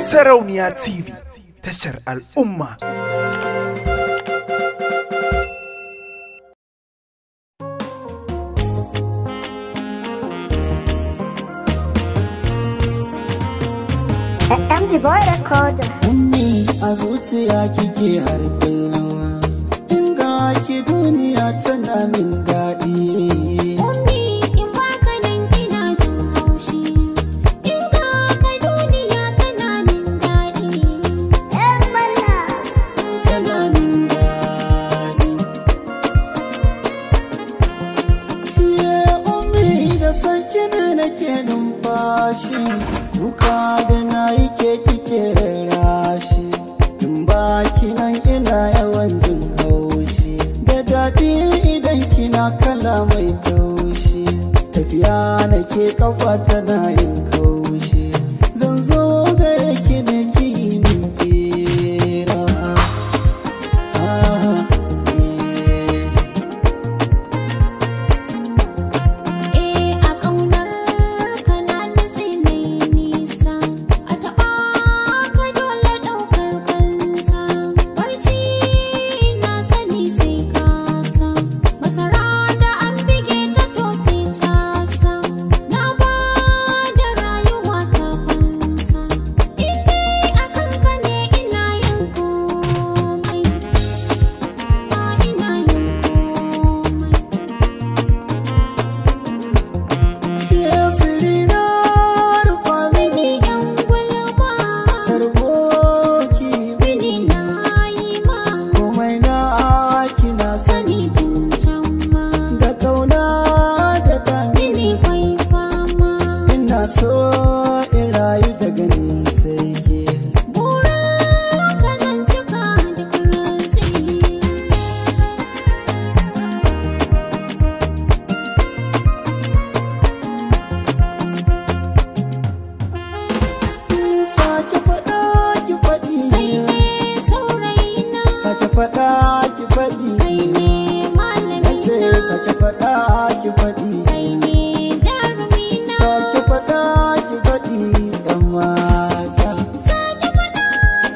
Sarauniya TV tashar al'umma. MG Boy Recorder. Ummi a zuciya kike har kullum. bashi duka da na yi ke kike rashi, in baki nan ina yawan jin haushi da daɗi idan kina kala mai taushi tafiya nake kafa tana yin kawo sake faɗa ki faɗi kai ne saurayina sake faɗa ki faɗi kai ne malamina ce sake faɗa ki faɗi kai ne jarumina sake faɗa ki faɗi ɗan mata sake faɗa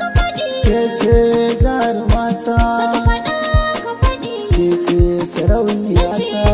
ka faɗi ke ce jarumata sake faɗa ka faɗi ke ce sarauniya ta